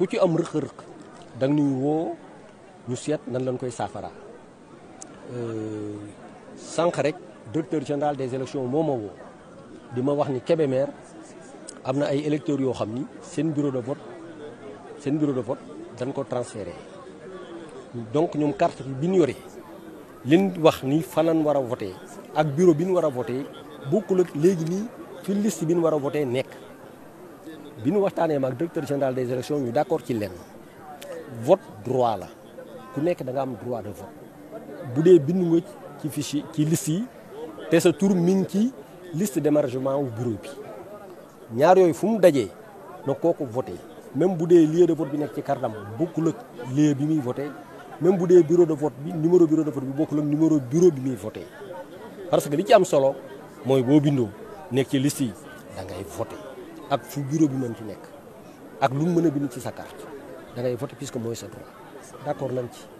ku ci am rëq-rëq da nga ñuy woo ñu seet nañ lañ koy saafara euh, sànq rek directeur général des élections moo ma woo di ma wax ni Kébémer am na ay électeurs yoo xam ni seen bureau de vote seen bureau de vote dañ ko transféré donc ñoom carte bi ñu yore liñ wax ni fan lañ war a voté ak bureau bi ñu war a voté bokkul ak léegi nii fi liste bi ñu war a voté nekk. bi ñu waxtaanee maag directeur général des élections ñu d'accord ci lenn vote droit la ku nekk da nga am droit de vote bu dee bindu nga ci fichier ci liste yi te sa tur mi ngi ci liste d'émargement wu bureau bi ñaar yooyu fu mu dajee na kooku voté même bu dee lieu de vote bi nekk ci kartam bokkul ak lieu bi muy voté même bu dee bureau de vote bi numéro bureau de vote bi bokk ak numéro bureau bi muy voté parce que li ci am solo mooy boo bindoo nekk ci liste yi da ngay voté ak fu bureau bi mën ci nekk ak lu mu mën a bind ci sa carte da ngay voter puisque mooy sa droit d'accord nañ ci.